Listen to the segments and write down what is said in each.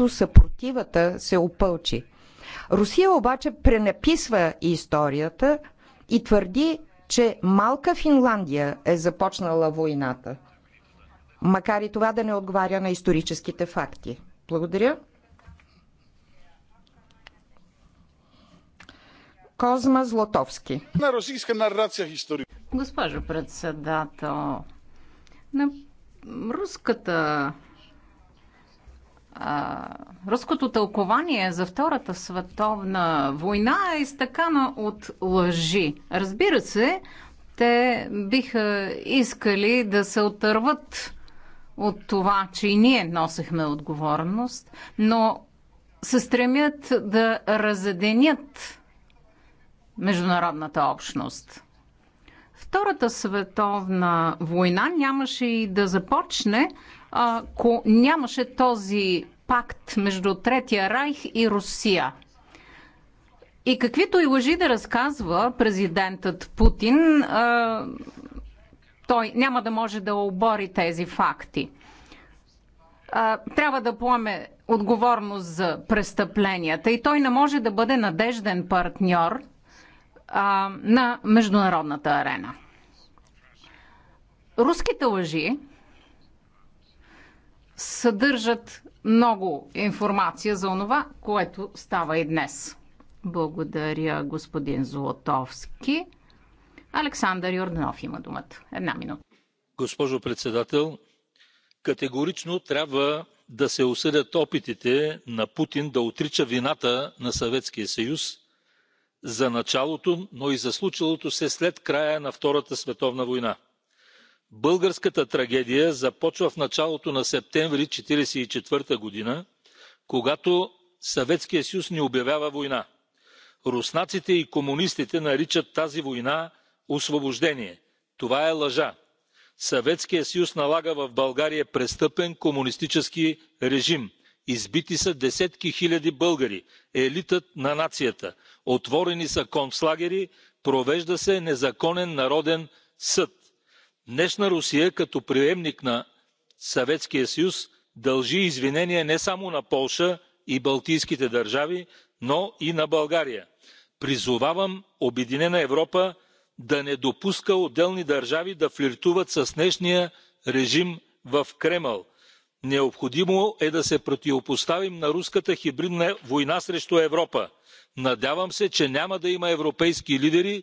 когато съпротивата се опълчи. Русия обаче пренаписва историята и твърди, че малка Финландия е започнала войната. Макар и това да не отговаря на историческите факти. Благодаря. Козма Злотовски. На русийска нарация история. Госпожо председател, на руската руското тълкование за Втората световна война е изтъкана от лъжи. Разбира се, те биха искали да се отърват от това, че и ние носехме отговорност, но се стремят да разеденят международната общност. Втората световна война нямаше и да започне, ако нямаше този пакт между Третия Райх и Русия. И каквито и лъжи да разказва президентът Путин, той няма да може да обори тези факти. Трябва да поеме отговорност за престъпленията и той не може да бъде надежден партньор на международната арена. Руските лъжи съдържат много информация за онова, което става и днес. Благодаря, господин Золотовски. Александър Йорданов има думата. Една минута. Госпожо председател, категорично трябва да се осъдят опитите на Путин да отрича вината на Съветския съюз за началото, но и за случилото се след края на Втората световна война българската трагедия започва в началото на септември 1944 г., когато Съветският съюз ни обявява война. Руснаците и комунистите наричат тази война освобождение. Това е лъжа. Съветският съюз налага в България престъпен комунистически режим. Избити са десетки хиляди българи, елитът на нацията. Отворени са концлагери, провежда се незаконен народен съд днешна русия като приемник на съветския съюз дължи извинение не само на полша и балтийските държави но и на българя. призовавам обединена европа да не допуска отделни държави да флиртуват с днешния режим в кремъл. необходимо е да се противопоставим на руската хибридна война срещу европа. надявам се че няма да има европейски лидери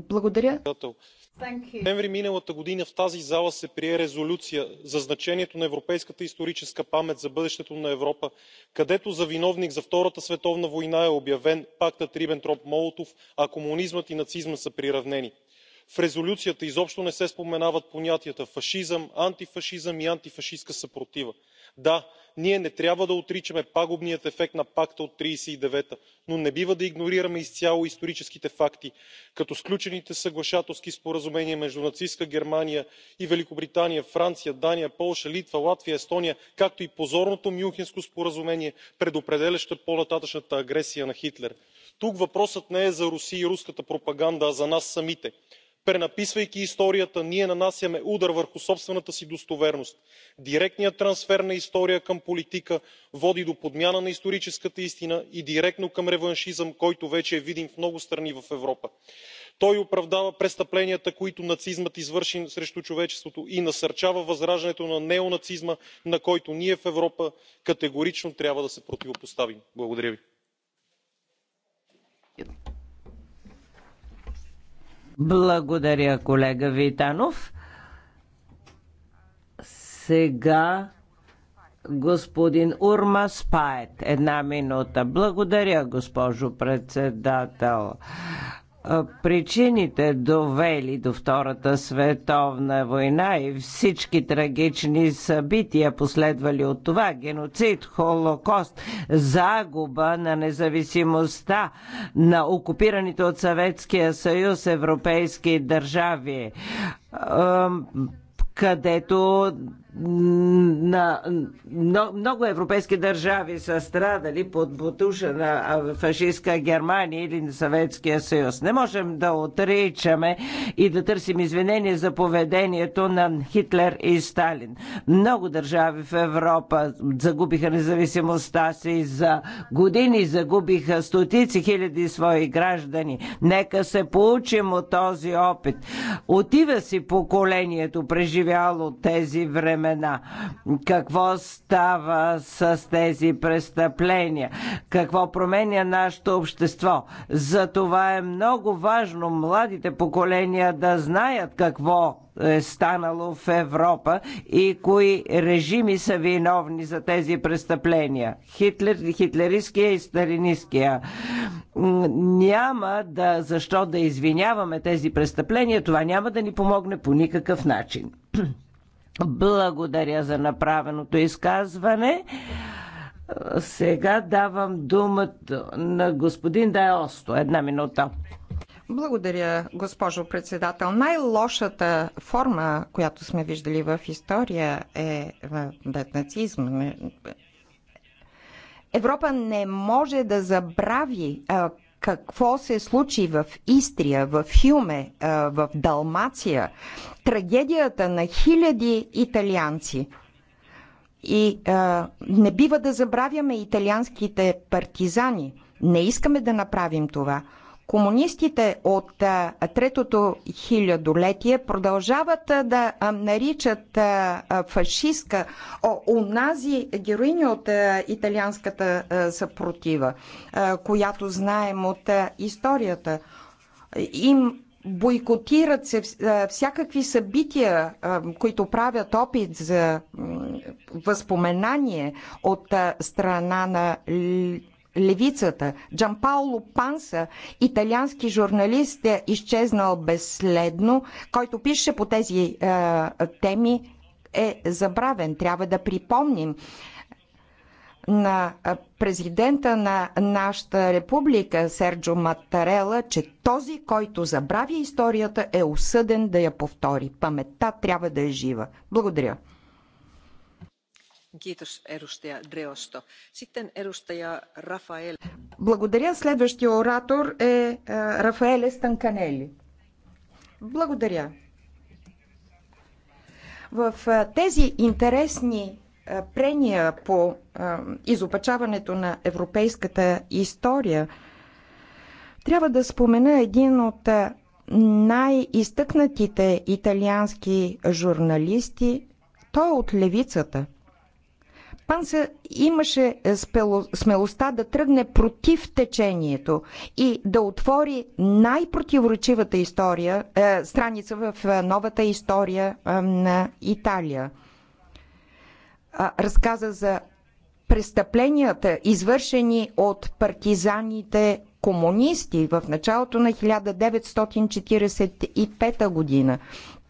Благодаря. ноември миналата година в тази зала се прие резолюция за значението на европейската историческа памет за бъдещето на Европа, където за виновник за Втората световна война е обявен Пактът Рибентроп – Молотов, а комунизмът и нацизмът са приравнени. В резолюцията изобщо не се споменават понятията фашизъм антифашизъм и антифашистка съпротива да ние не трябва да отричаме пагубния ефект на пакта от тридесет и девета но не бива да игнорираме изцяло историческите факти като сключените съглашателски споразумения между нацистка германия и великобритания франция дания полша литва латвия естония както и позорното мюнхенско споразумение предопределящо по нататъшната агресия на хитлер. тук въпросът не е за русия и руската пропаганда а за нас самите пренаписвайки историята ние нанасяме удар върху собствената си достоверност. директният трансфер на история към политика води до подмяна на историческата истина и директно към реваншизъм който вече е видим в много страни в европа. той оправдава престъпленията които нацизмът извърши срещу човечеството и насърчава възраждането на неонацизма на който ние в европа категорично трябва да се противопоставим. благодаря ви. Благодаря, колега Витанов. Сега господин Урма Спает. Една минута. Благодаря, госпожо председател. Причините довели до Втората световна война и всички трагични събития, последвали от това геноцид, холокост, загуба на независимостта на окупираните от Съветския съюз европейски държави, където на много европейски държави са страдали под бутуша на фашистска Германия или на Съветския съюз. Не можем да отричаме и да търсим извинение за поведението на Хитлер и Сталин. Много държави в Европа загубиха независимостта си за години, загубиха стотици хиляди свои граждани. Нека се получим от този опит. Отива си поколението, преживяло тези времена времена. Какво става с тези престъпления? Какво променя нашето общество? За това е много важно младите поколения да знаят какво е станало в Европа и кои режими са виновни за тези престъпления. Хитлер, хитлеристския и сталинистския. Няма да, защо да извиняваме тези престъпления, това няма да ни помогне по никакъв начин. Благодаря за направеното изказване. Сега давам думата на господин Дайосто. Една минута. Благодаря, госпожо председател. Най-лошата форма, която сме виждали в история е, е, е, е нацизм. Европа не може да забрави какво се случи в Истрия, в Хюме, в Далмация, трагедията на хиляди италианци. И а, не бива да забравяме италианските партизани. Не искаме да направим това. Комунистите от третото хилядолетие продължават да наричат фашистка унази героини от италианската съпротива, която знаем от историята. Им бойкотират се всякакви събития, които правят опит за възпоменание от страна на левицата. Пауло Панса, италиански журналист, е изчезнал безследно, който пише по тези е, теми, е забравен. Трябва да припомним на е, президента на нашата република Серджо Матарела, че този, който забрави историята, е осъден да я повтори. Паметта трябва да е жива. Благодаря. Благодаря. Следващия оратор е, е Рафаеле Станканели. Благодаря. В е, тези интересни е, прения по изопачаването на европейската история, трябва да спомена един от най-изтъкнатите италиански журналисти. Той е от левицата – Панса имаше е, смелостта да тръгне против течението и да отвори най-противоречивата история, е, страница в е, новата история е, на Италия. Разказа за престъпленията, извършени от партизаните комунисти в началото на 1945 година.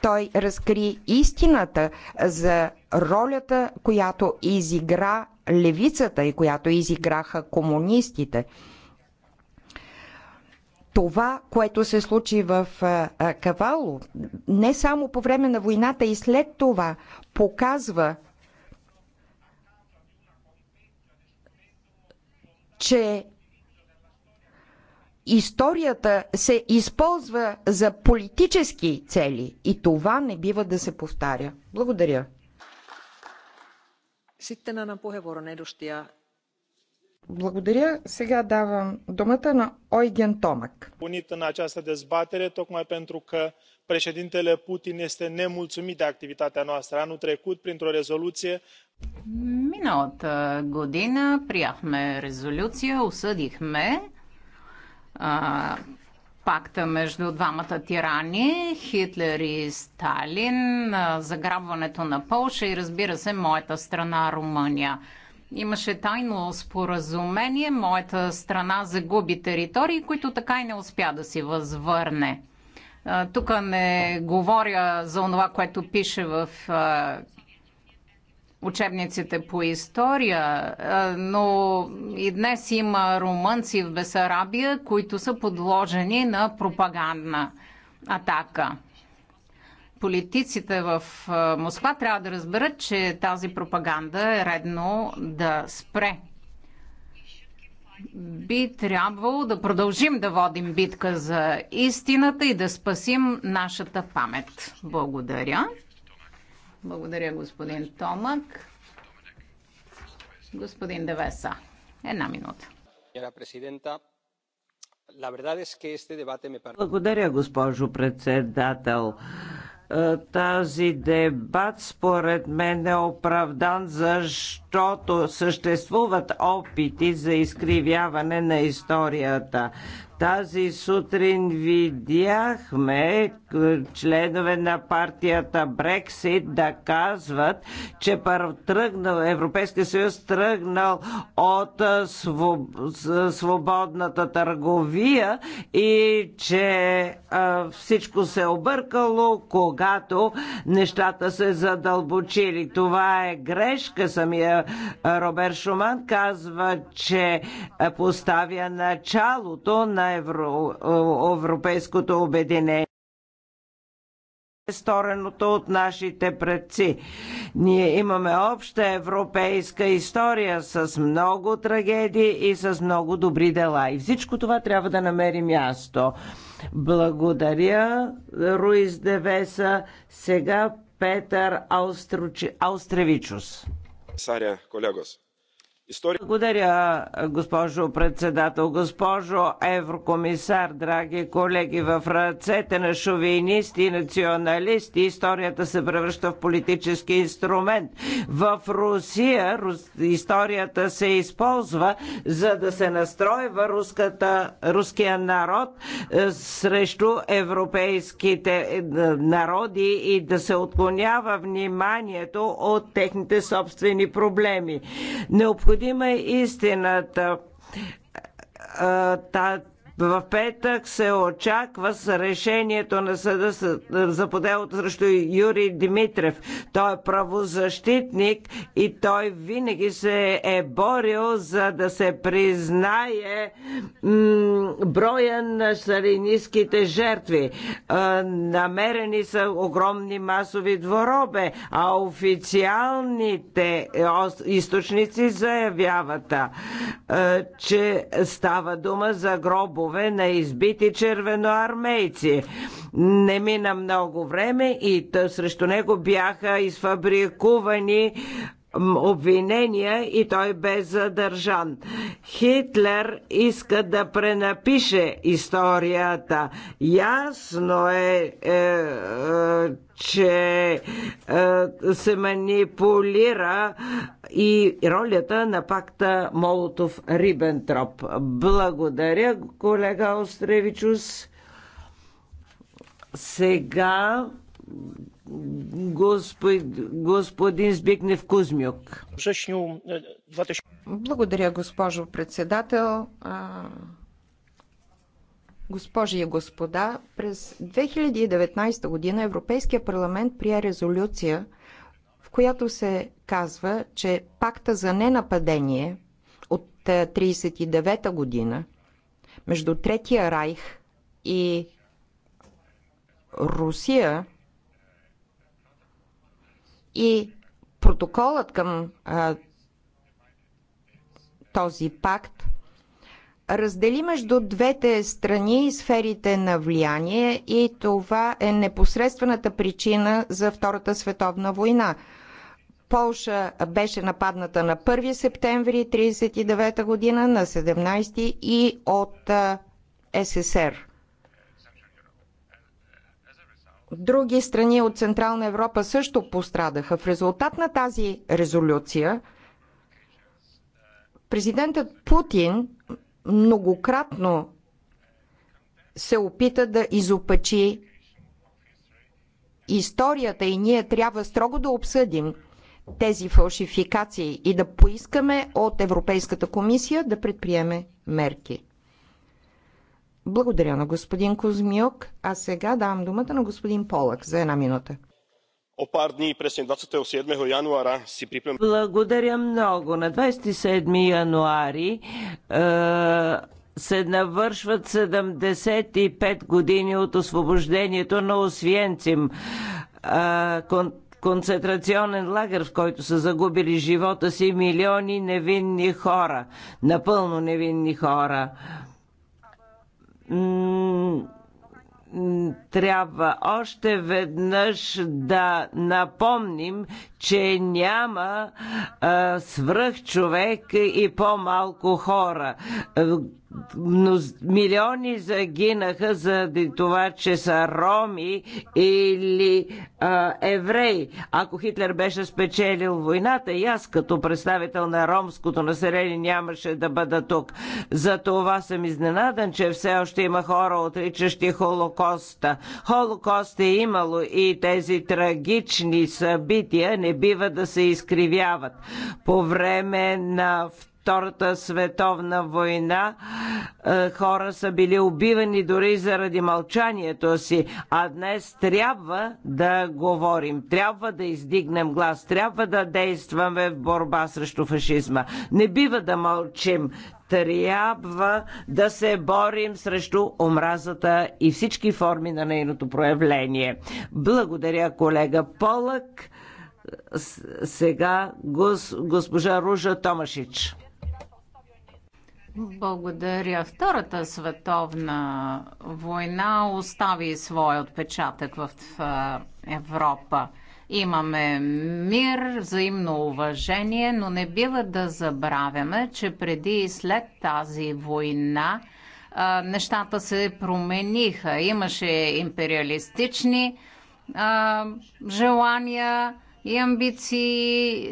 Той разкри истината за ролята, която изигра левицата и която изиграха комунистите. Това, което се случи в Кавало, не само по време на войната и след това, показва, че историята се използва за политически цели и това не бива да се повтаря. Благодаря. Благодаря. Сега давам думата на Ойген Томак. Unit în această dezbatere, tocmai pentru că președintele Putin este nemulțumit de activitatea noastră. Anul trecut, printr-o резолюție, Миналата година прияхме резолюция, осъдихме а, пакта между двамата тирани, Хитлер и Сталин, заграбването на Полша и разбира се моята страна Румъния. Имаше тайно споразумение, моята страна загуби територии, които така и не успя да си възвърне. Тук не говоря за това, което пише в учебниците по история, е, но и днес има румънци в Бесарабия, които са подложени на пропагандна атака. Политиците в е, Москва трябва да разберат, че тази пропаганда е редно да спре. Би трябвало да продължим да водим битка за истината и да спасим нашата памет. Благодаря. Благодаря, господин Томак. Господин Девеса, една минута. Благодаря, госпожо председател е, тази дебат според мен е оправдан, защото съществуват опити за изкривяване на историята. Тази сутрин видяхме членове на партията Брексит да казват, че тръгнал, Европейския съюз тръгнал от свободната търговия и че всичко се е объркало, когато нещата се задълбочили. Това е грешка. Самия Робер Шуман казва, че поставя началото на евро, европейското обединение стореното от нашите предци. Ние имаме обща европейска история с много трагедии и с много добри дела. И всичко това трябва да намери място. Благодаря, Руис Девеса. Сега Петър Аустровичус. Саря, колегос. История... Благодаря, госпожо председател, госпожо еврокомисар, драги колеги. В ръцете на шовинисти и националисти историята се превръща в политически инструмент. В Русия рус... историята се използва за да се настройва руската, руския народ е, срещу европейските е, народи и да се отклонява вниманието от техните собствени проблеми. Необходимо Необходима е истината в петък се очаква с решението на съда за поделото срещу Юрий Димитрев. Той е правозащитник и той винаги се е борил за да се признае броя на шаринистските жертви. Е, намерени са огромни масови дворобе, а официалните е, източници заявяват, е, че става дума за гробове домове на избити червеноармейци. Не мина много време и тъ, срещу него бяха изфабрикувани обвинения и той бе задържан. Хитлер иска да пренапише историята. Ясно е, е, е че е, се манипулира и ролята на пакта Молотов-Рибентроп. Благодаря, колега Остревичус. Сега Господин, господин Збигнев Кузмюк. Е, Благодаря, госпожо председател. Госпожи и господа, през 2019 година Европейския парламент прие резолюция, в която се казва, че пакта за ненападение от 1939 е, година между Третия райх и Русия – и протоколът към а, този пакт раздели между двете страни и сферите на влияние и това е непосредствената причина за Втората световна война. Полша беше нападната на 1 септември 1939 година, на 17 и от СССР. Други страни от Централна Европа също пострадаха. В резултат на тази резолюция президентът Путин многократно се опита да изопачи историята и ние трябва строго да обсъдим тези фалшификации и да поискаме от Европейската комисия да предприеме мерки. Благодаря на господин Козмиок. а сега давам думата на господин Полък за една минута. Благодаря много. На 27 януари е се навършват 75 години от освобождението на Освенцим. Е, кон концентрационен лагер, в който са загубили живота си милиони невинни хора, напълно невинни хора трябва още веднъж да напомним, че няма а, свръх човек и по-малко хора. Но милиони загинаха за това, че са роми или а, евреи. Ако Хитлер беше спечелил войната, и аз като представител на ромското население нямаше да бъда тук. За това съм изненадан, че все още има хора, отричащи Холокоста. Холокост е имало и тези трагични събития не бива да се изкривяват. По време на Втората световна война е, хора са били убивани дори заради мълчанието си, а днес трябва да говорим, трябва да издигнем глас, трябва да действаме в борба срещу фашизма. Не бива да мълчим, трябва да се борим срещу омразата и всички форми на нейното проявление. Благодаря, колега Полък. Сега гос, госпожа Ружа Томашич. Благодаря. Втората световна война остави своя отпечатък в Европа. Имаме мир, взаимно уважение, но не бива да забравяме, че преди и след тази война нещата се промениха. Имаше империалистични желания и амбиции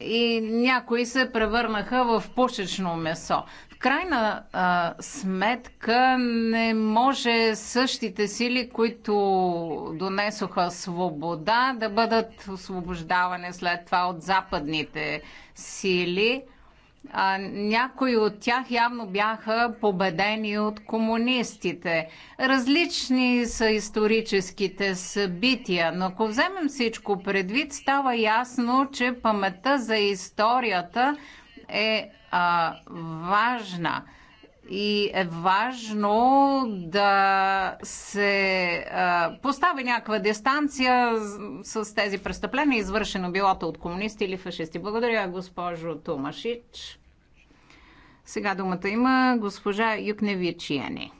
и някои се превърнаха в пушечно месо. В крайна а, сметка не може същите сили, които донесоха свобода, да бъдат освобождавани след това от западните сили – а, някои от тях явно бяха победени от комунистите. Различни са историческите събития, но ако вземем всичко предвид, става ясно, че паметта за историята е а, важна и е важно да се а, постави някаква дистанция с, с тези престъпления, извършено билото от комунисти или фашисти. Благодаря, госпожо Томашич. Сега думата има госпожа Юкневичиени.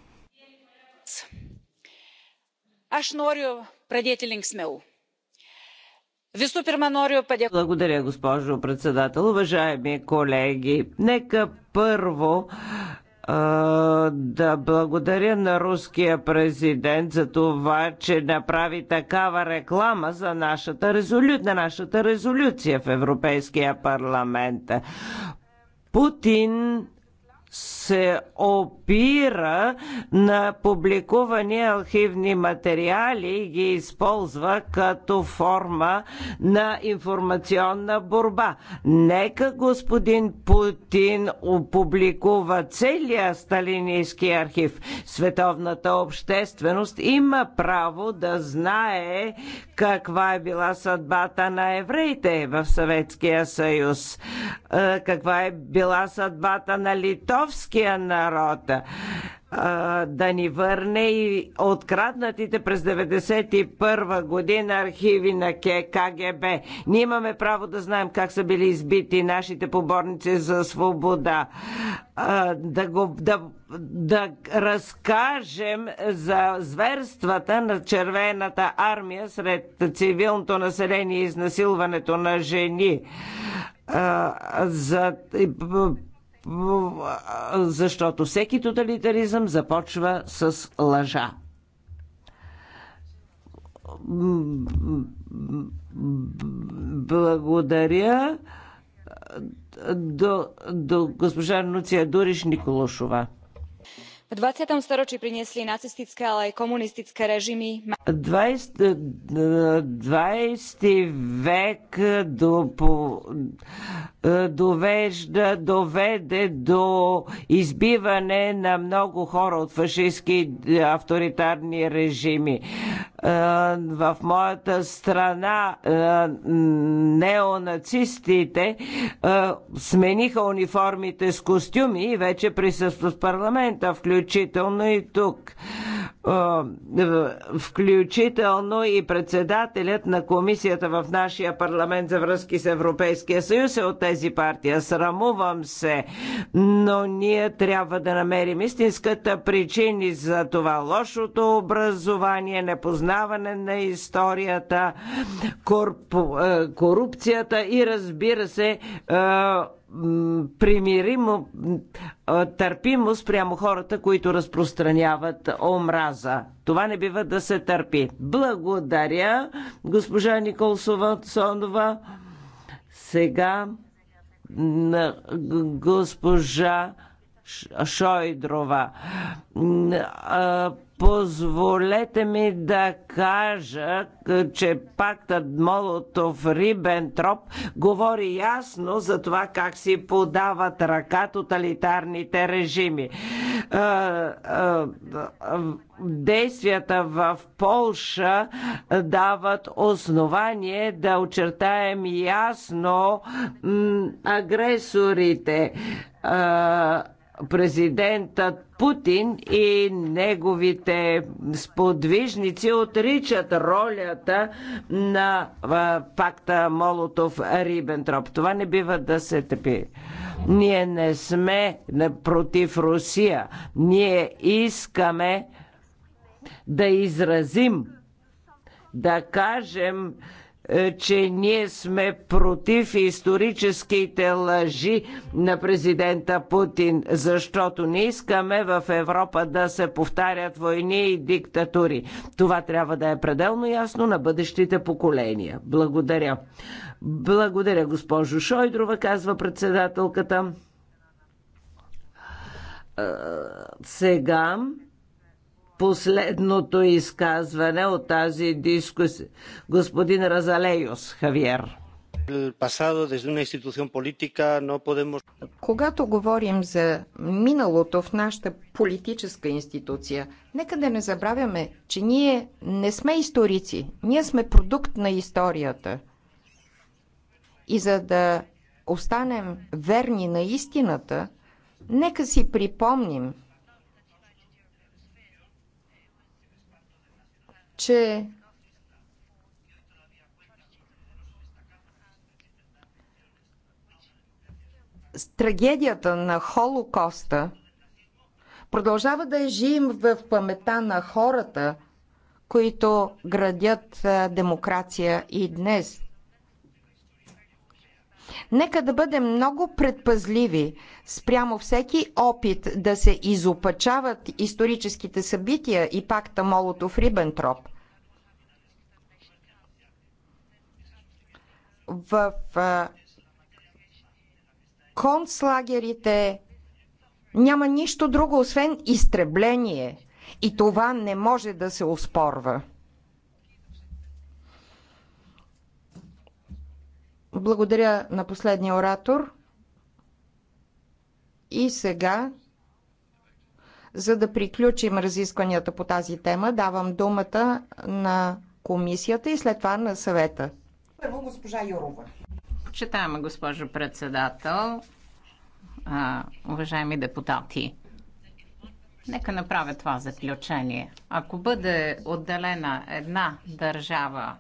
Аз норю предетелинг смело. Благодаря, госпожо председател. Уважаеми колеги, нека първо да благодаря на руския президент за това, че направи такава реклама за нашата, резолю... на нашата резолюция в Европейския парламент. Путин се опира на публикувани архивни материали и ги използва като форма на информационна борба. Нека господин Путин опубликува целия сталинийски архив. Световната общественост има право да знае каква е била съдбата на евреите в Съветския съюз, е, каква е била съдбата на литовски българския народ да ни върне и откраднатите през 1991 година архиви на КГБ. Ние имаме право да знаем как са били избити нашите поборници за свобода. Да, го, да, да разкажем за зверствата на червената армия сред цивилното население и изнасилването на жени за защото всеки тоталитаризъм започва с лъжа благодаря до, до госпожа Нуция Дуриш Николошова v 20. storočí priniesli nacistické, ale aj komunistické režimy. 20. 20 век до, по, довежда, доведе до избиване на много хора от фашистски авторитарни режими. В моята страна неонацистите смениха униформите с костюми и вече присъстват в парламента, включително включително и тук. Е, включително и председателят на комисията в нашия парламент за връзки с Европейския съюз е от тези партия. Срамувам се, но ние трябва да намерим истинската причини за това лошото образование, непознаване на историята, е, корупцията и разбира се е, примиримо, търпимост прямо хората, които разпространяват омраза каза. Това не бива да се търпи. Благодаря, госпожа Николсова Сонова. Сега на госпожа Шойдрова. Позволете ми да кажа, че пактът Молотов-Рибентроп говори ясно за това как си подават ръка тоталитарните режими действията в Полша дават основание да очертаем ясно агресорите президентът Путин и неговите сподвижници отричат ролята на пакта Молотов-Рибентроп. Това не бива да се тъпи. Ние не сме против Русия. Ние искаме да изразим, да кажем, е, че ние сме против историческите лъжи на президента Путин, защото не искаме в Европа да се повтарят войни и диктатури. Това трябва да е пределно ясно на бъдещите поколения. Благодаря. Благодаря, госпожо Шойдрова, казва председателката. Е, сега последното изказване от тази дискусия. Господин Разалейос Хавиер. Когато говорим за миналото в нашата политическа институция, нека да не забравяме, че ние не сме историци, ние сме продукт на историята. И за да останем верни на истината, нека си припомним – че трагедията на Холокоста продължава да е жим в памета на хората, които градят демокрация и днес. Нека да бъдем много предпазливи спрямо всеки опит да се изопачават историческите събития и пакта Молотов-Рибентроп. В концлагерите няма нищо друго, освен изтребление. И това не може да се оспорва. Благодаря на последния оратор. И сега, за да приключим разискванията по тази тема, давам думата на комисията и след това на съвета. Първо госпожа Юрова. Почитаема госпожо председател, а, уважаеми депутати, нека направя това заключение. Ако бъде отделена една държава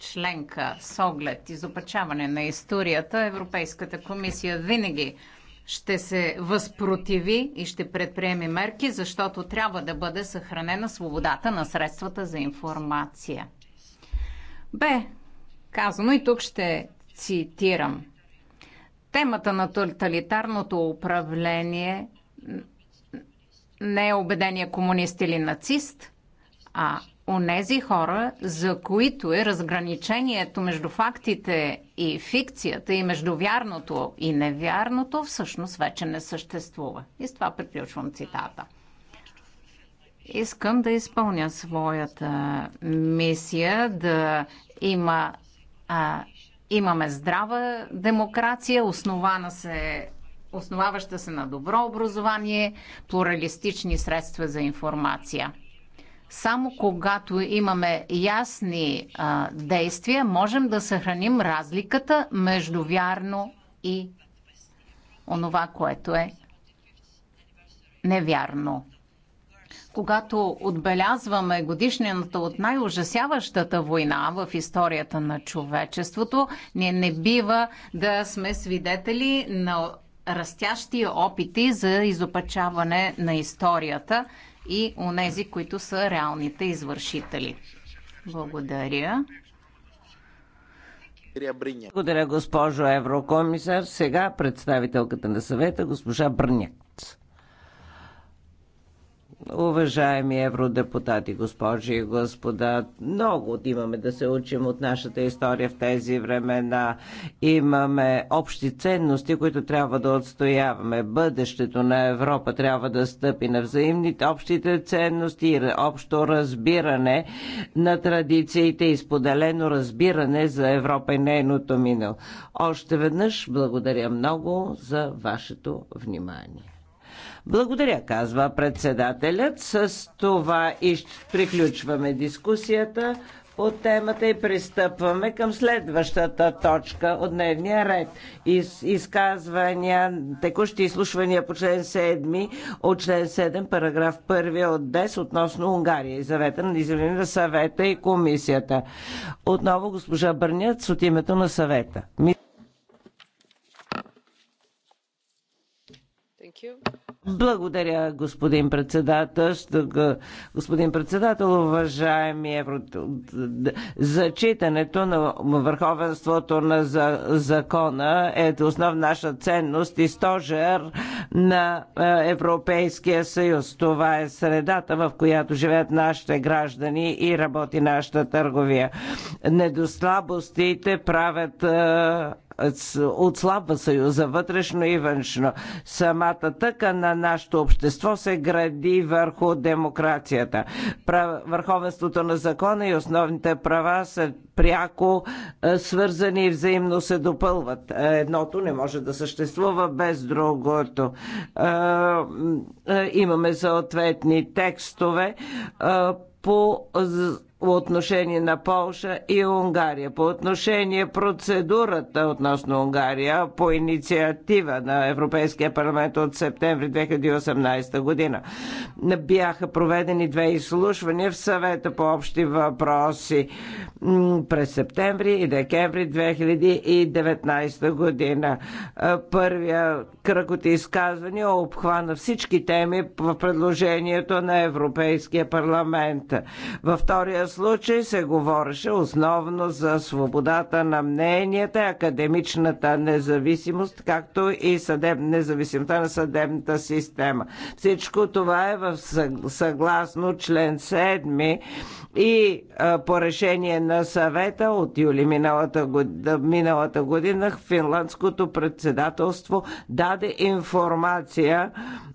членка с оглед изопачаване на историята, Европейската комисия винаги ще се възпротиви и ще предприеме мерки, защото трябва да бъде съхранена свободата на средствата за информация. Бе казано и тук ще цитирам. Темата на тоталитарното управление не е убедение комунист или нацист, а онези хора, за които е разграничението между фактите и фикцията и между вярното и невярното всъщност вече не съществува. И с това приключвам цитата. Искам да изпълня своята мисия да има, а, имаме здрава демокрация, основана се основаваща се на добро образование, плуралистични средства за информация. Само когато имаме ясни а, действия, можем да съхраним разликата между вярно и онова, което е невярно. Когато отбелязваме годишнината от най-ужасяващата война в историята на човечеството, ние не бива да сме свидетели на растящи опити за изопачаване на историята – и онези, които са реалните извършители. Благодаря. Благодаря, госпожо Еврокомисар. Сега представителката на съвета, госпожа Бърняк. Уважаеми евродепутати, госпожи и господа, много имаме да се учим от нашата история в тези времена. Имаме общи ценности, които трябва да отстояваме. Бъдещето на Европа трябва да стъпи на взаимните общите ценности и общо разбиране на традициите и споделено разбиране за Европа и нейното минало. Още веднъж благодаря много за вашето внимание. Благодаря, казва председателят. С това и приключваме дискусията по темата и пристъпваме към следващата точка от дневния ред. Из, изказвания, текущи изслушвания по член 7 от член 7, параграф 1 от 10 относно Унгария и завета на изявление на съвета и комисията. Отново госпожа Бърнят с от името на съвета. Thank you. Благодаря, господин председател. Господин председател, уважаеми евро... зачитането на върховенството на за... закона е основна наша ценност и стожер на е, Европейския съюз. Това е средата, в която живеят нашите граждани и работи нашата търговия. Недослабостите правят е, отслабва съюза вътрешно и външно. Самата тъка на нашето общество се гради върху демокрацията. Върховенството на закона и основните права са пряко е, свързани и взаимно се допълват. Е, едното не може да съществува без другото. Е, имаме съответни текстове по по отношение на Полша и Унгария. По отношение процедурата относно Унгария по инициатива на Европейския парламент от септември 2018 година бяха проведени две изслушвания в съвета по общи въпроси през септември и декември 2019 година. Първия кръг от изказвания обхвана всички теми в предложението на Европейския парламент. Във втория случай се говореше основно за свободата на мненията, академичната независимост, както и съдеб... независимостта на съдебната система. Всичко това е в съгласно член 7 и а, по решение на съвета от юли миналата, год... миналата година финландското председателство даде информация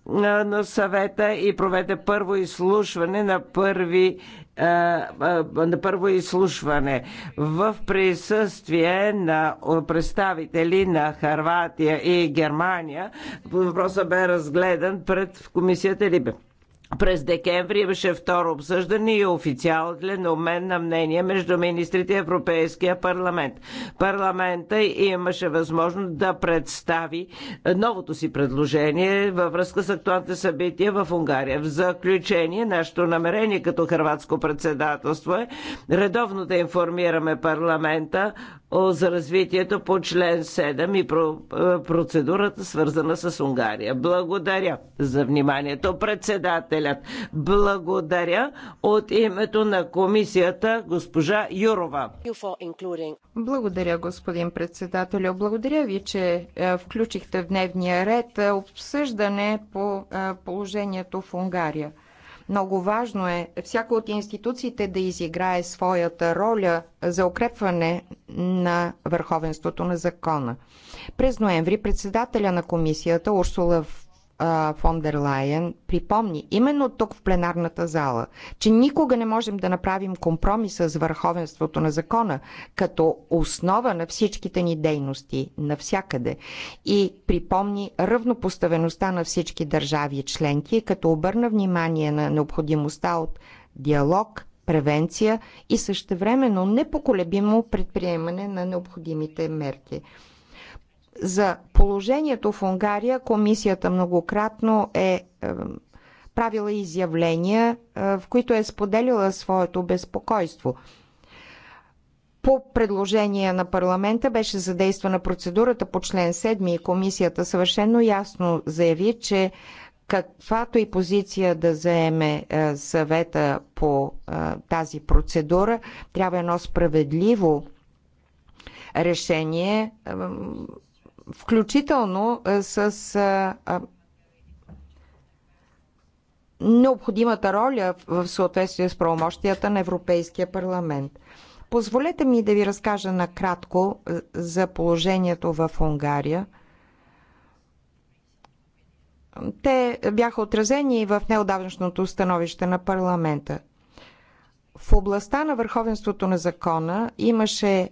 на съвета и проведе първо изслушване на първи на първо изслушване в присъствие на представители на Харватия и Германия. Въпросът бе разгледан пред комисията Либе. През декември имаше второ обсъждане и официален обмен на мнение между министрите и Европейския парламент. Парламента имаше възможност да представи новото си предложение във връзка с актуалните събития в Унгария. В заключение, нашето намерение като хрватско председателство е редовно да информираме парламента за развитието по член 7 и е, процедурата свързана с Унгария. Благодаря за вниманието, председател председателят. Благодаря от името на комисията госпожа Юрова. Благодаря, господин председателю. Благодаря ви, че е, включихте в дневния ред е, обсъждане по е, положението в Унгария. Много важно е всяка от институциите да изиграе своята роля за укрепване на върховенството на закона. През ноември председателя на комисията Урсула фон дер Лайен припомни именно тук в пленарната зала, че никога не можем да направим компромиса с върховенството на закона като основа на всичките ни дейности навсякъде и припомни равнопоставеността на всички държави и членки, като обърна внимание на необходимостта от диалог, превенция и същевременно непоколебимо предприемане на необходимите мерки. За положението в Унгария комисията многократно е, е правила изявления, е, в които е споделила своето безпокойство. По предложение на парламента беше задействана процедурата по член 7 и комисията съвършено ясно заяви, че каквато и позиция да заеме е, съвета по тази процедура, трябва едно справедливо решение включително е, с е, е, необходимата роля в съответствие с правомощията на Европейския парламент. Позволете ми да ви разкажа накратко за положението в Унгария. Те бяха отразени и в неодавнашното становище на парламента. В областта на върховенството на закона имаше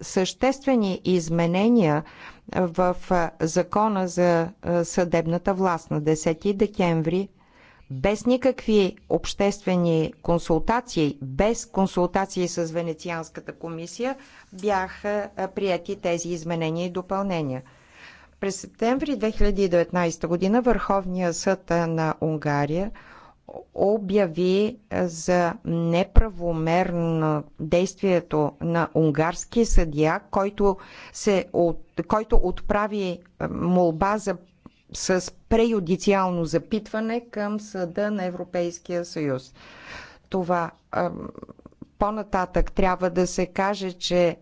съществени изменения в закона за съдебната власт на 10 декември, без никакви обществени консултации, без консултации с Венецианската комисия, бяха прияти тези изменения и допълнения. През септември 2019 година Върховният съд на Унгария обяви за неправомерно действието на унгарски съдия, който, се от, който отправи е, молба за, с преюдициално запитване към Съда на Европейския съюз. Това е, по-нататък трябва да се каже, че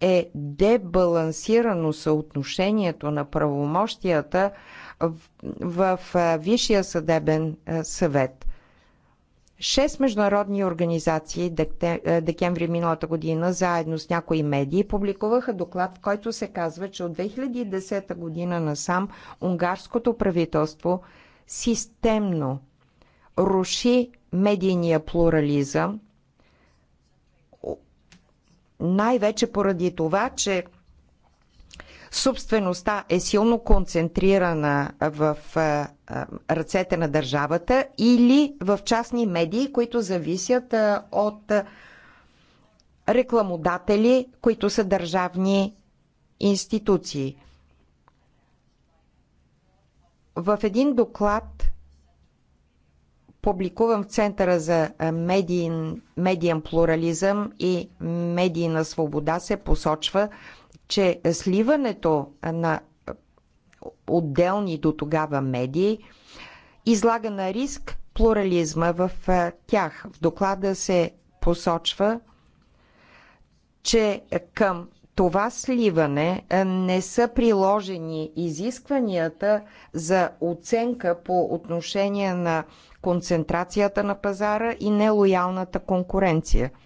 е дебалансирано съотношението на правомощията в Висшия съдебен съвет. Шест международни организации декември миналата година, заедно с някои медии, публикуваха доклад, в който се казва, че от 2010 година насам унгарското правителство системно руши медийния плурализъм, най-вече поради това, че Собствеността е силно концентрирана в ръцете на държавата или в частни медии, които зависят от рекламодатели, които са държавни институции. В един доклад, публикуван в Центъра за медиен, медиен плурализъм и медийна свобода, се посочва, че сливането на отделни до тогава медии излага на риск плурализма в тях. В доклада се посочва, че към това сливане не са приложени изискванията за оценка по отношение на концентрацията на пазара и нелоялната конкуренция –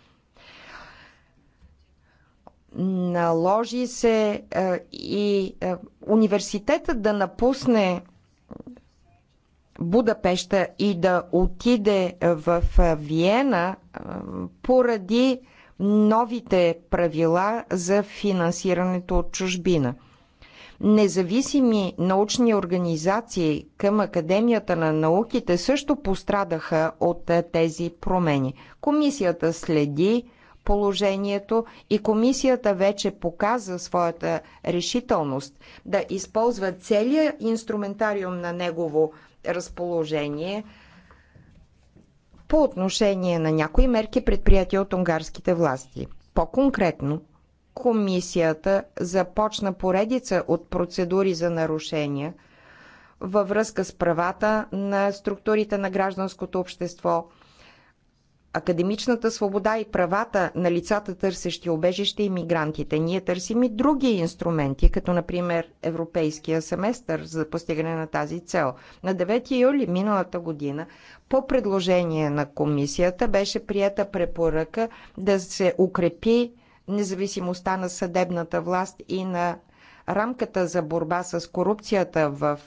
Наложи се е, и е, университетът да напусне Будапеща и да отиде в е, Виена поради новите правила за финансирането от чужбина. Независими научни организации към Академията на науките също пострадаха от тези промени. Комисията следи положението и комисията вече показа своята решителност да използва целият инструментариум на негово разположение по отношение на някои мерки предприятия от унгарските власти. По-конкретно, комисията започна поредица от процедури за нарушения във връзка с правата на структурите на гражданското общество – академичната свобода и правата на лицата, търсещи обежище и мигрантите. Ние търсим и други инструменти, като например Европейския семестър за постигане на тази цел. На 9 юли миналата година по предложение на комисията беше прията препоръка да се укрепи независимостта на съдебната власт и на рамката за борба с корупцията в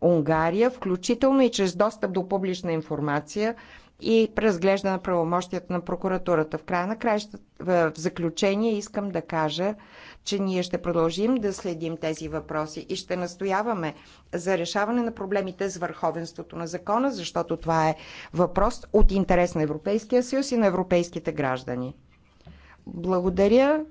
Унгария, включително и чрез достъп до публична информация и преразглежда на правомощията на прокуратурата. В края на краищата, в заключение искам да кажа, че ние ще продължим да следим тези въпроси и ще настояваме за решаване на проблемите с върховенството на закона, защото това е въпрос от интерес на Европейския съюз и на европейските граждани. Благодаря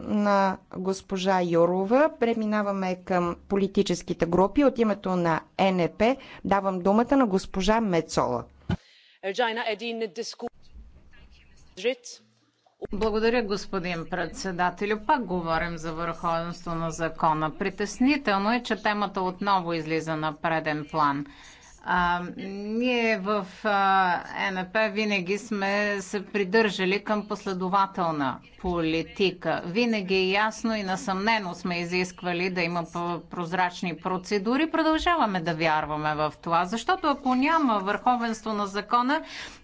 на госпожа Юрова. Преминаваме към политическите групи. От името на НП давам думата на госпожа Мецола. Благодаря, господин председателю. Пак говорим за върховенство на закона. Притеснително е, че темата отново излиза на преден план. А, ние в а, е НП винаги сме се придържали към последователна политика. Винаги е ясно и насъмнено сме изисквали да има прозрачни процедури. Продължаваме да вярваме в това, защото ако няма върховенство на закона,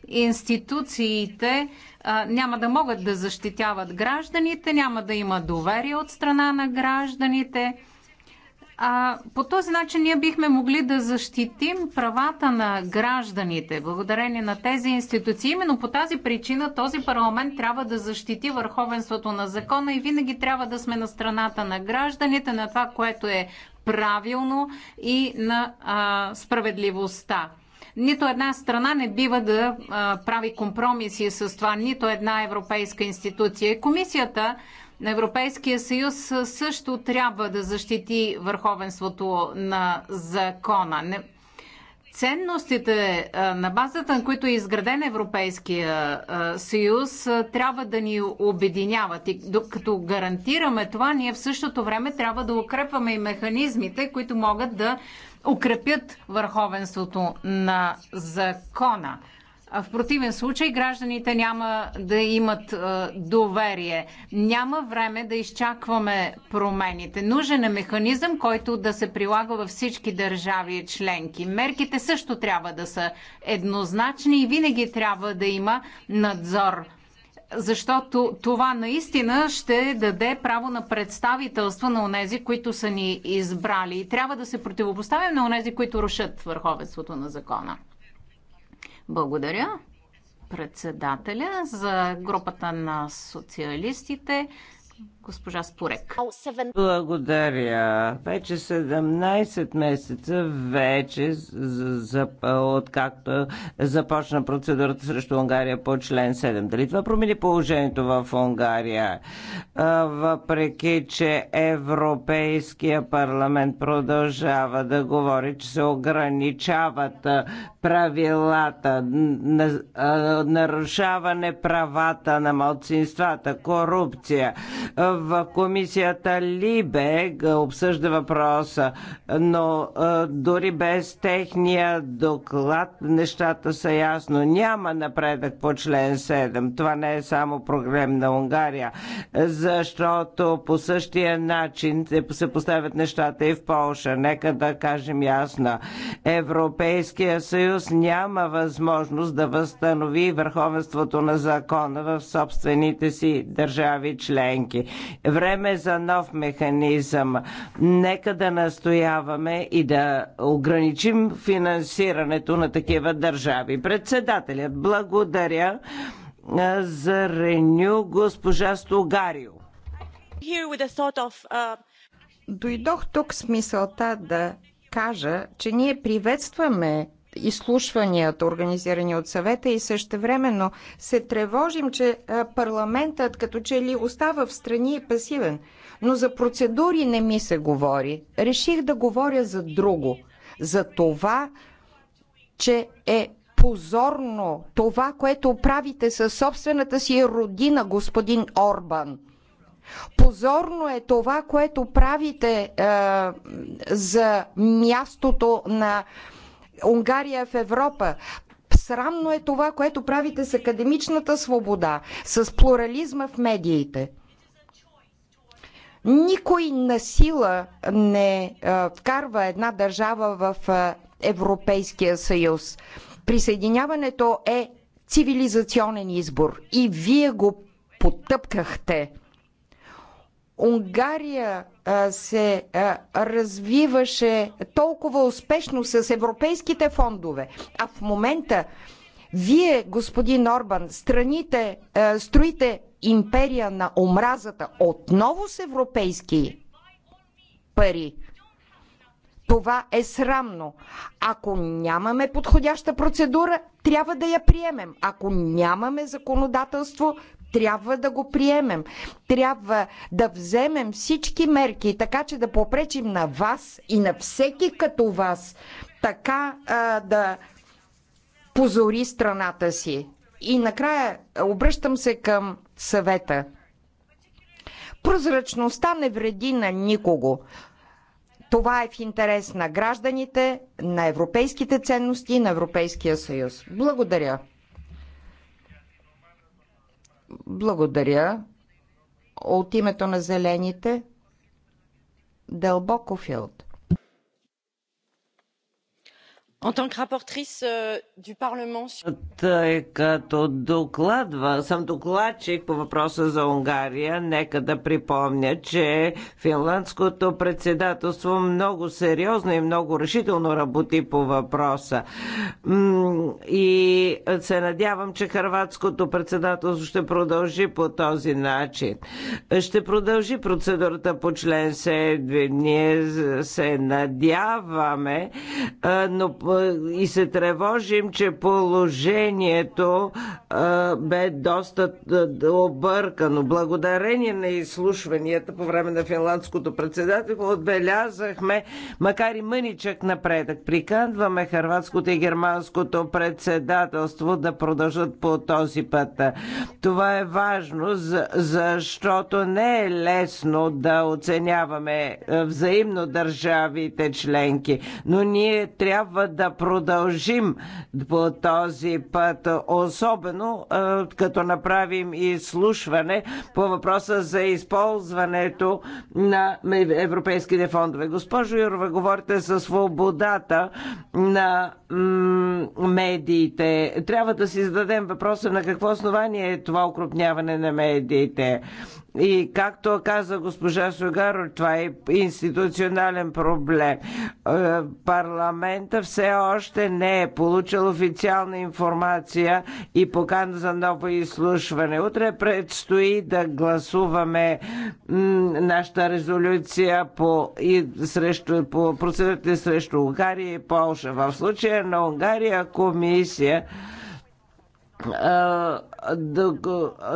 институциите а, няма да могат да защитяват гражданите, няма да има доверие от страна на гражданите а, по този начин ние бихме могли да защитим правата на гражданите, благодарение на тези институции. Именно по тази причина този парламент трябва да защити върховенството на закона и винаги трябва да сме на страната на гражданите, на това, което е правилно и на а, справедливостта. Нито една страна не бива да а, прави компромиси с това, нито една европейска институция. Комисията на Европейския съюз също трябва да защити върховенството на закона. Ценностите е, на базата, на които е изграден Европейския е, съюз, е, трябва да ни обединяват. И докато гарантираме това, ние в същото време трябва да укрепваме и механизмите, които могат да укрепят върховенството на закона. В противен случай гражданите няма да имат доверие. Няма време да изчакваме промените. Нужен е механизъм, който да се прилага във всички държави и членки. Мерките също трябва да са еднозначни и винаги трябва да има надзор защото това наистина ще даде право на представителство на онези, които са ни избрали. И трябва да се противопоставим на онези, които рушат върховенството на закона. Благодаря председателя за групата на социалистите госпожа Спорек. Благодаря. Вече 17 месеца вече за, за, откакто започна процедурата срещу Унгария по член 7. Дали това промени положението в Унгария? Въпреки, че Европейския парламент продължава да говори, че се ограничават правилата, нарушаване правата на малцинствата, корупция, в комисията Либе обсъжда въпроса, но дори без техния доклад нещата са ясно. Няма напредък по член 7. Това не е само проблем на Унгария, защото по същия начин се поставят нещата и в Полша. Нека да кажем ясно. Европейския съюз няма възможност да възстанови върховенството на закона в собствените си държави членки. Време е за нов механизъм. Нека да настояваме и да ограничим финансирането на такива държави. Председателят, благодаря за Реню госпожа Стогарио. Uh, Дойдох тук с мисълта да кажа, че ние приветстваме изслушванията, организирани от съвета и същевременно се тревожим, че парламентът като че ли остава в страни и пасивен. Но за процедури не ми се говори. Реших да говоря за друго. За това, че е позорно това, което правите със собствената си родина, господин Орбан. Позорно е това, което правите е, за мястото на Унгария е в Европа. Срамно е това, което правите с академичната свобода, с плурализма в медиите. Никой насила не вкарва една държава в Европейския съюз. Присъединяването е цивилизационен избор и вие го потъпкахте. Унгария се развиваше толкова успешно с европейските фондове, а в момента вие, господин Орбан, страните, строите империя на омразата отново с европейски пари. Това е срамно. Ако нямаме подходяща процедура, трябва да я приемем. Ако нямаме законодателство, трябва да го приемем. Трябва да вземем всички мерки, така че да попречим на вас и на всеки като вас, така а, да позори страната си. И накрая обръщам се към съвета. Прозрачността не вреди на никого. Това е в интерес на гражданите, на европейските ценности и на Европейския съюз. Благодаря. Благодаря. От името на зелените Дълбоко Фил. Euh, Тъй като докладва, съм докладчик по въпроса за Унгария, нека да припомня, че финландското председателство много сериозно и много решително работи по въпроса. И се надявам, че хрватското председателство ще продължи по този начин. Ще продължи процедурата по член 7. Ние се надяваме, но и се тревожим, че положението бе доста объркано. Благодарение на изслушванията по време на финландското председателство отбелязахме, макар и мъничък напредък. Приканваме харватското и германското председателство да продължат по този път. Това е важно, защото не е лесно да оценяваме взаимно държавите членки, но ние трябва да да продължим по този път, особено като направим изслушване по въпроса за използването на европейските фондове. Госпожо Юрова, говорите за свободата на медиите. Трябва да си зададем въпроса на какво основание е това укрупняване на медиите. И както каза госпожа Сугаро, това е институционален проблем. Е, парламента все още не е получил официална информация и покана за ново изслушване. Утре предстои да гласуваме нашата резолюция по, и срещу, по процедурите срещу Унгария и Полша. В случая на Унгария комисия е,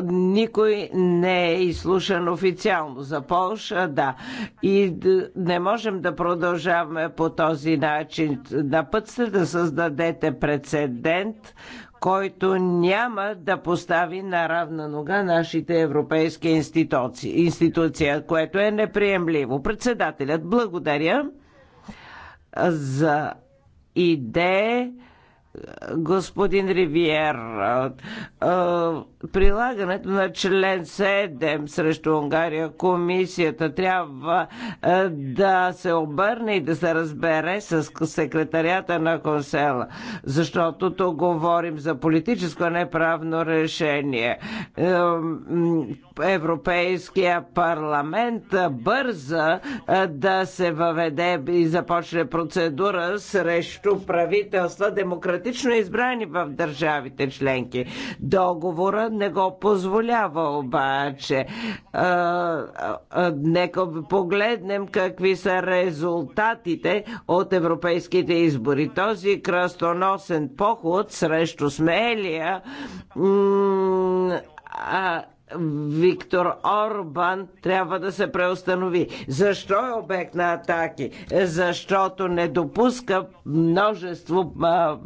никой не е изслушан официално. За Полша, да. И не можем да продължаваме по този начин. На път сте да създадете прецедент, който няма да постави на равна нога нашите европейски институции, институция, което е неприемливо. Председателят, благодаря за идея господин Ривиер, прилагането на член 7 срещу Унгария, комисията трябва да се обърне и да се разбере с секретарията на Консела, защото тук говорим за политическо неправно решение. Европейския парламент бърза да се въведе и започне процедура срещу правителства, демократично избрани в държавите членки. Договора не го позволява обаче. Нека погледнем какви са резултатите от европейските избори. Този кръстоносен поход срещу смелия а, Виктор Орбан трябва да се преустанови. Защо е обект на атаки? Защото не допуска множество а,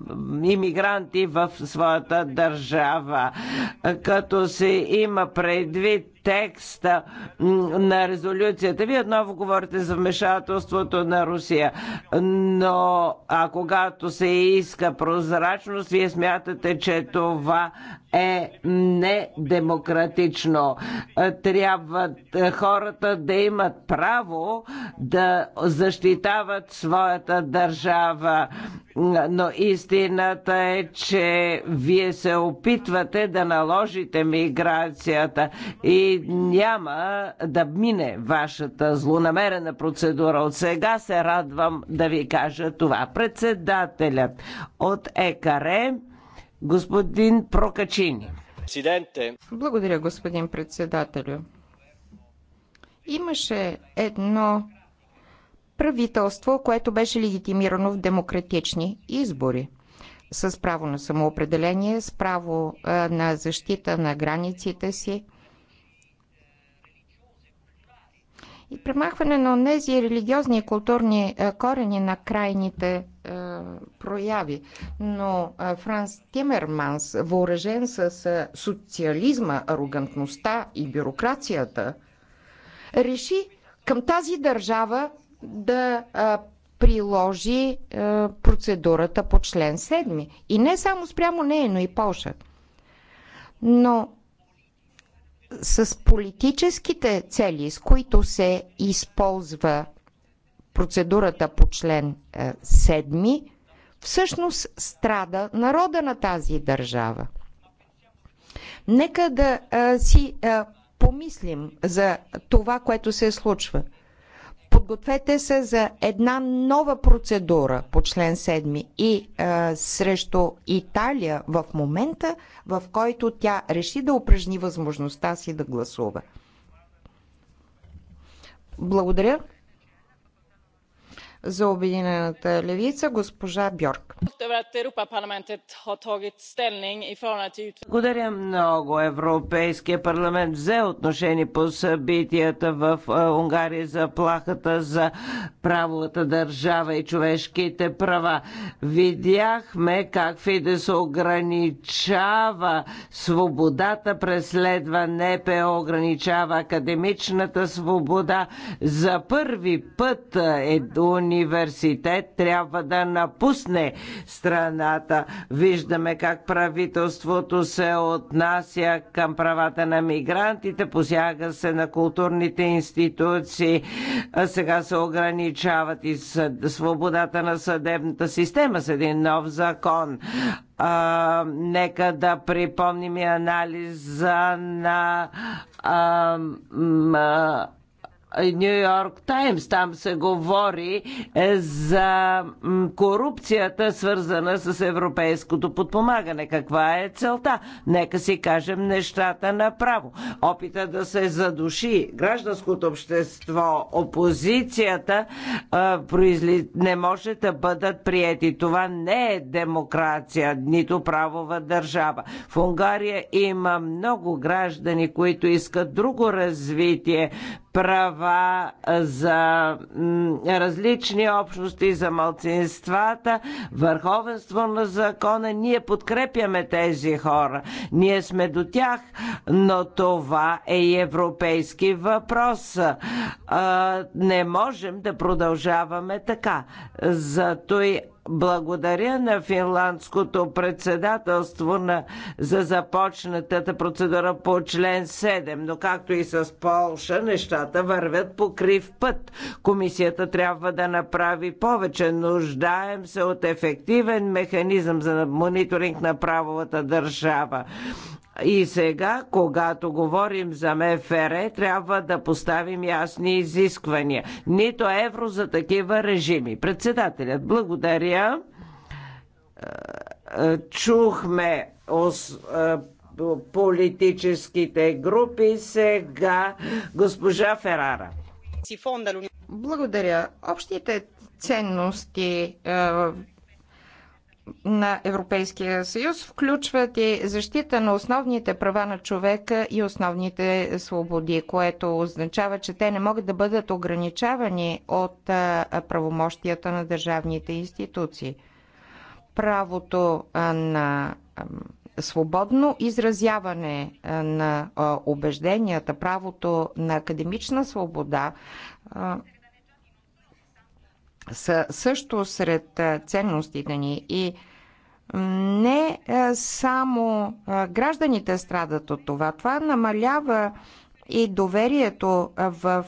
иммигранти в своята държава. Като се има предвид текста на резолюцията. Вие отново говорите за вмешателството на Русия, но а когато се иска прозрачност, вие смятате, че това е недемократично. Трябва хората да имат право да защитават своята държава. Но истината е, че вие се опитвате да наложите миграцията и няма да мине вашата злонамерена процедура. От сега се радвам да ви кажа това. Председателят от ЕКАРЕ, господин Прокачини. Благодаря, господин председателю. Имаше едно правителство, което беше легитимирано в демократични избори с право на самоопределение, с право на защита на границите си и премахване на тези религиозни и културни корени на крайните прояви. Но Франс Тимерманс, въоръжен с социализма, арогантността и бюрокрацията, реши към тази държава да приложи процедурата по член 7. И не само спрямо нея, но и Польша. Но с политическите цели, с които се използва процедурата по член 7, всъщност страда народа на тази държава. Нека да а, си а, помислим за това, което се случва подгответе се за една нова процедура по член 7 и е, срещу Италия в момента, в който тя реши да упражни възможността си да гласува. Благодаря за Обединената левица, госпожа Бьорк. Благодаря много. Европейския парламент взе отношение по събитията в е, Унгария за плахата за правовата държава и човешките права. Видяхме как Фидес ограничава свободата, преследва НПО, ограничава академичната свобода. За първи път е университет трябва да напусне страната. Виждаме как правителството се отнася към правата на мигрантите, посяга се на културните институции, а сега се ограничават и съд... свободата на съдебната система с един нов закон. А, нека да припомним и анализа на а, Нью Йорк Таймс. Там се говори е, за корупцията, свързана с европейското подпомагане. Каква е целта? Нека си кажем нещата направо. Опита да се задуши гражданското общество, опозицията е, не може да бъдат приети. Това не е демокрация, нито правова държава. В Унгария има много граждани, които искат друго развитие, права за различни общности, за малцинствата, върховенство на закона. Ние подкрепяме тези хора. Ние сме до тях, но това е и европейски въпрос. Не можем да продължаваме така. Зато и благодаря на финландското председателство на, за започнатата процедура по член 7, но както и с Полша, нещата вървят по крив път. Комисията трябва да направи повече. Нуждаем се от ефективен механизъм за мониторинг на правовата държава и сега, когато говорим за МФР, трябва да поставим ясни изисквания. Нито евро за такива режими. Председателят, благодаря. Е, е, чухме е, политическите групи. Сега госпожа Ферара. Благодаря. Общите ценности на Европейския съюз включват и защита на основните права на човека и основните свободи, което означава, че те не могат да бъдат ограничавани от правомощията на държавните институции. Правото на свободно изразяване на убежденията, правото на академична свобода са също сред ценностите ни и не само гражданите страдат от това. Това намалява и доверието в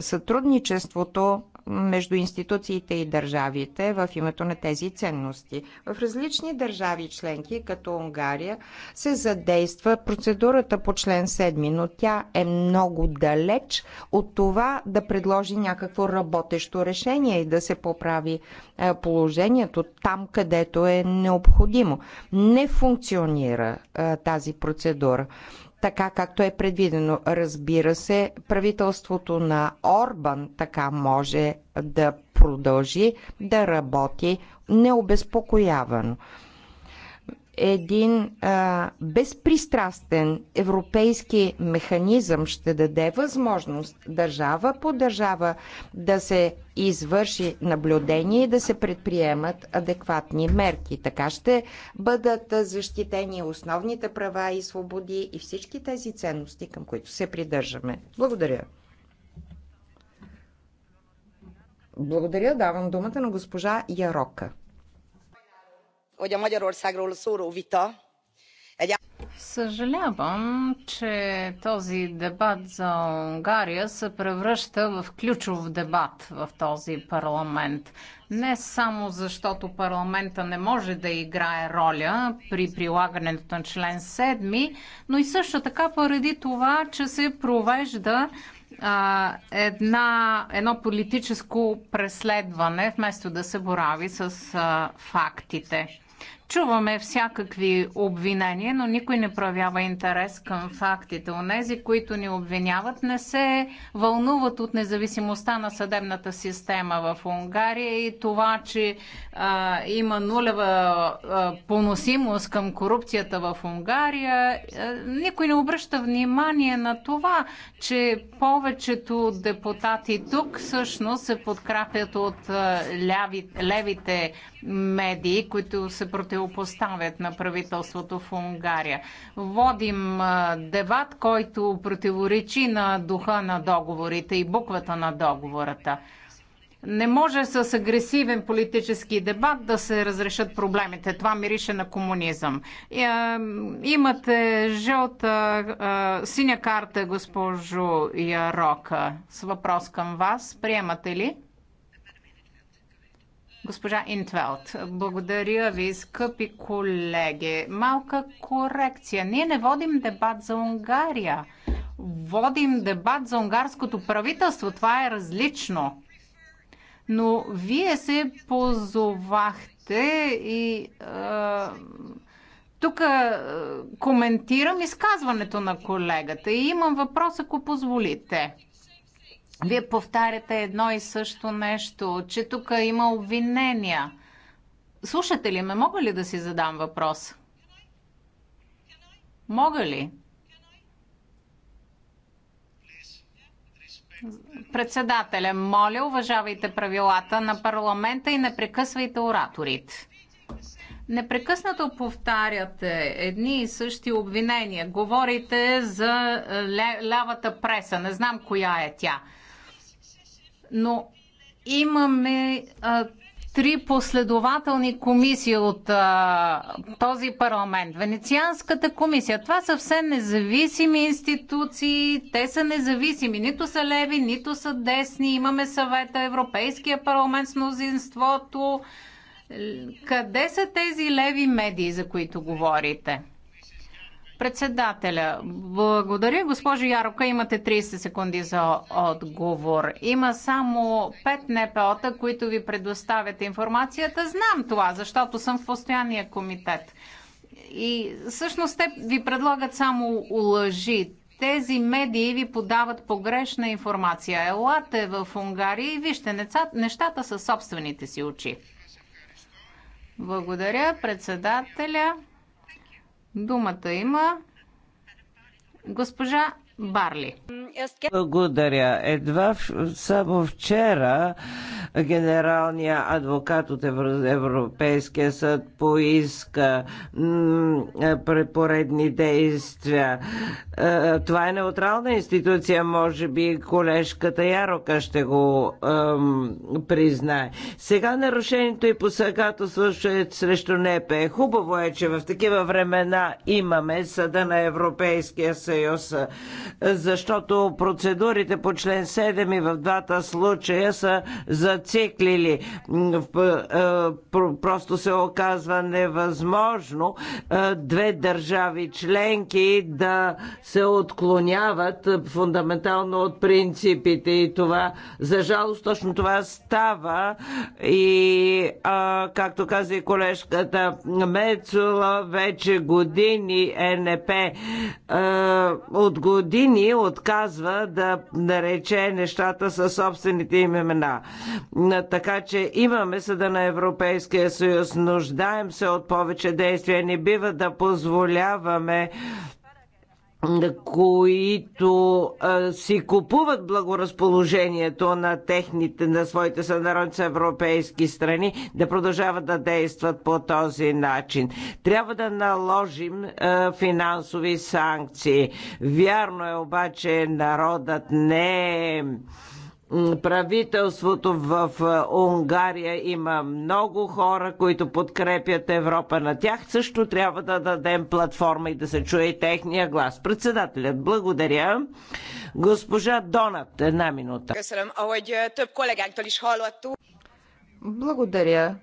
сътрудничеството между институциите и държавите в името на тези ценности. В различни държави членки, като Унгария, се задейства процедурата по член 7, но тя е много далеч от това да предложи някакво работещо решение и да се поправи е, положението там, където е необходимо. Не функционира е, тази процедура така както е предвидено. Разбира се, правителството на Орбан така може да продължи да работи необезпокоявано един а, безпристрастен европейски механизъм ще даде възможност държава по държава да се извърши наблюдение и да се предприемат адекватни мерки. Така ще бъдат защитени основните права и свободи и всички тези ценности, към които се придържаме. Благодаря. Благодаря. Давам думата на госпожа Ярока hogy a Magyarországról szóló vita Съжалявам, че този дебат за Унгария се превръща в ключов дебат в този парламент. Не само защото парламента не може да играе роля при прилагането на член 7, но и също така поради това, че се провежда а, една, едно политическо преследване, вместо да се борави с а, фактите. Чуваме всякакви обвинения, но никой не проявява интерес към фактите. Онези, които ни обвиняват, не се вълнуват от независимостта на съдебната система в Унгария и това, че а, има нулева а, поносимост към корупцията в Унгария. А, никой не обръща внимание на това, че повечето депутати тук всъщност се подкрапят от а, ляви, левите медии, които се противопоставят на правителството в Унгария. Водим дебат, който противоречи на духа на договорите и буквата на договората. Не може с агресивен политически дебат да се разрешат проблемите. Това мирише на комунизъм. Е, имате жълта, синя карта, госпожо Ярока. С въпрос към вас. Приемате ли? Госпожа Интвелт, благодаря ви, скъпи колеги. Малка корекция. Ние не водим дебат за Унгария. Водим дебат за унгарското правителство. Това е различно. Но вие се позовахте и. А, тук коментирам изказването на колегата и имам въпрос, ако позволите. Вие повтаряте едно и също нещо, че тук има обвинения. Слушате ли ме? Мога ли да си задам въпрос? Мога ли? Председателя, моля, уважавайте правилата на парламента и не прекъсвайте ораторите. Непрекъснато повтаряте едни и същи обвинения. Говорите за е, лявата преса. Не знам коя е тя. Но имаме а, е, три последователни комисии от а, е, този парламент. Венецианската комисия. Това са все независими институции. Те са независими. Нито са леви, нито са десни. Имаме съвета Европейския парламент с мнозинството. Къде са тези леви медии, за които говорите? Председателя, благодаря. Госпожо Ярока, имате 30 секунди за отговор. Има само 5 НПО-та, които ви предоставят информацията. Знам това, защото съм в постоянния комитет. И всъщност те ви предлагат само лъжи. Тези медии ви подават погрешна информация. Елате в Унгария и вижте нещата със собствените си очи. Благодаря, председателя. Думата има госпожа Барли. Благодаря. Едва в, само вчера генералният адвокат от Европейския съд поиска е, препоредни действия. Е, това е неутрална институция, може би колежката Ярока ще го е, признае. Сега нарушението и посъгателство срещу НЕПЕ. Хубаво е, че в такива времена имаме Съда на Европейския съюз защото процедурите по член 7 и в двата случая са зациклили. Е, просто се оказва невъзможно е, две държави членки да се отклоняват фундаментално от принципите и това, за жалост, точно това става и а, както каза и колежката Мецула, вече години ЕНП а, е, от години години отказва да нарече нещата със собствените им имена. Така че имаме съда на Европейския съюз, нуждаем се от повече действия, не бива да позволяваме които а, си купуват благоразположението на техните, на своите сънародници европейски страни, да продължават да действат по този начин. Трябва да наложим а, финансови санкции. Вярно е обаче, народът не е правителството в Унгария има много хора, които подкрепят Европа. На тях също трябва да дадем платформа и да се чуе и техния глас. Председателят, благодаря. Госпожа Донат, една минута. Благодаря.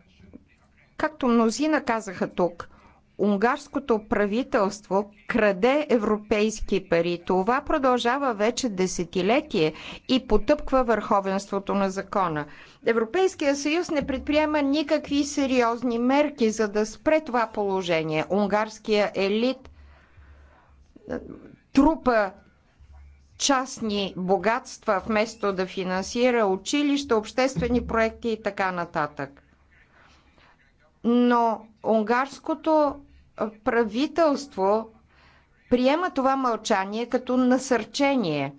Както мнозина казаха тук, унгарското правителство краде европейски пари. Това продължава вече десетилетие и потъпква върховенството на закона. Европейския съюз не предприема никакви сериозни мерки, за да спре това положение. Унгарския елит е, трупа частни богатства, вместо да финансира училища, обществени проекти и така нататък. Но унгарското правителство приема това мълчание като насърчение.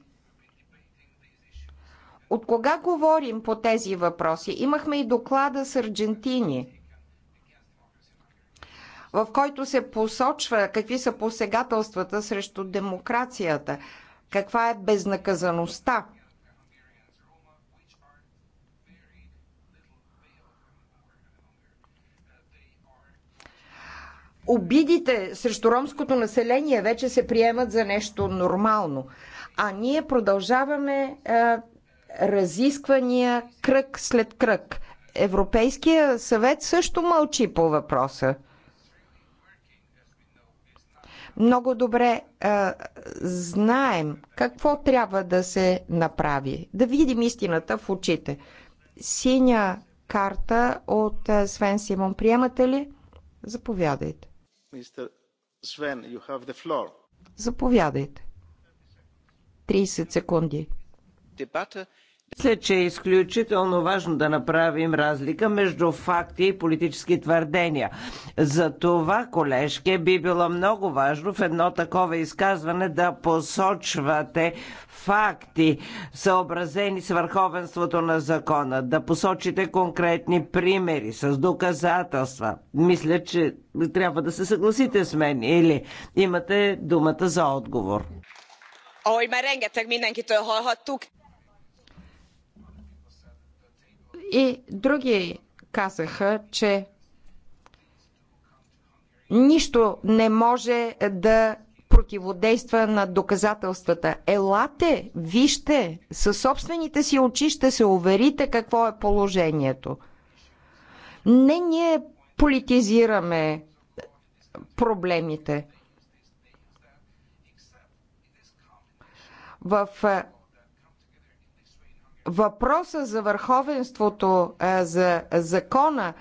От кога говорим по тези въпроси? Имахме и доклада с Аргентини, в който се посочва какви са посегателствата срещу демокрацията, каква е безнаказаността. обидите срещу ромското население вече се приемат за нещо нормално. А ние продължаваме а, е, разисквания кръг след кръг. Европейския съвет също мълчи по въпроса. Много добре а, е, знаем какво трябва да се направи. Да видим истината в очите. Синя карта от е, Свен Симон. Приемате ли? Заповядайте. Заповядайте. 30 секунди. Мисля, че е изключително важно да направим разлика между факти и политически твърдения. За това, колежке, би било много важно в едно такова изказване да посочвате факти, съобразени с върховенството на закона, да посочите конкретни примери с доказателства. Мисля, че трябва да се съгласите с мен или имате думата за отговор. И други казаха, че нищо не може да противодейства на доказателствата. Елате, вижте, със собствените си очи ще се уверите какво е положението. Не ние политизираме проблемите. В въпроса за върховенството, за закона,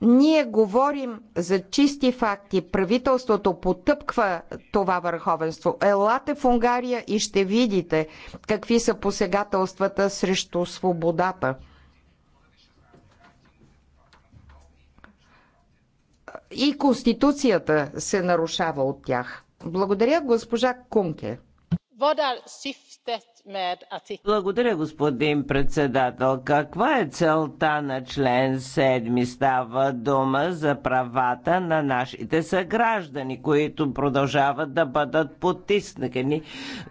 ние говорим за чисти факти. Правителството потъпква това върховенство. Елате в Унгария и ще видите какви са посегателствата срещу свободата. И Конституцията се нарушава от тях. Благодаря, госпожа Кунке. Vad är благодаря, господин председател. Каква е целта на член 7? Става дума за правата на нашите съграждани, които продължават да бъдат потиснени?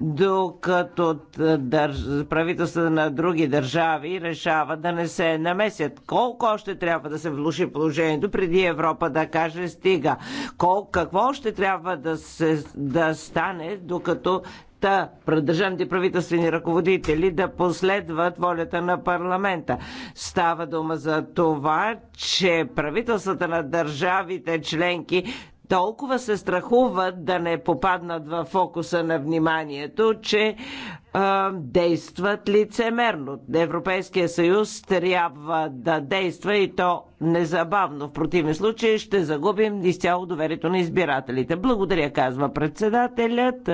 докато държ... правителствата на други държави решават да не се намесят. Колко още трябва да се влуши положението преди Европа да каже стига? Колко, какво още трябва да, се, да стане, докато волята държавните правителствени ръководители да последват волята на парламента. Става дума за това, че правителствата на държавите членки толкова се страхуват да не попаднат в фокуса на вниманието, че а, действат лицемерно. Европейския съюз трябва да действа и то незабавно. В противен случай ще загубим изцяло доверието на избирателите. Благодаря, казва председателят.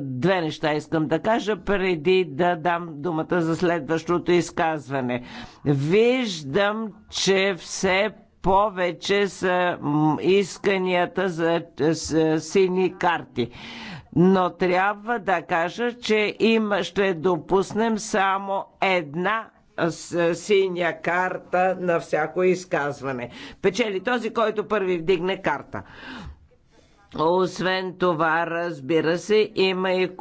Две неща искам да кажа преди да дам думата за следващото изказване. Виждам, че все повече са исканията за сини карти но трябва да кажа, че има, ще допуснем само една синя карта на всяко изказване. Печели този, който първи вдигне карта. Освен това, разбира се, има и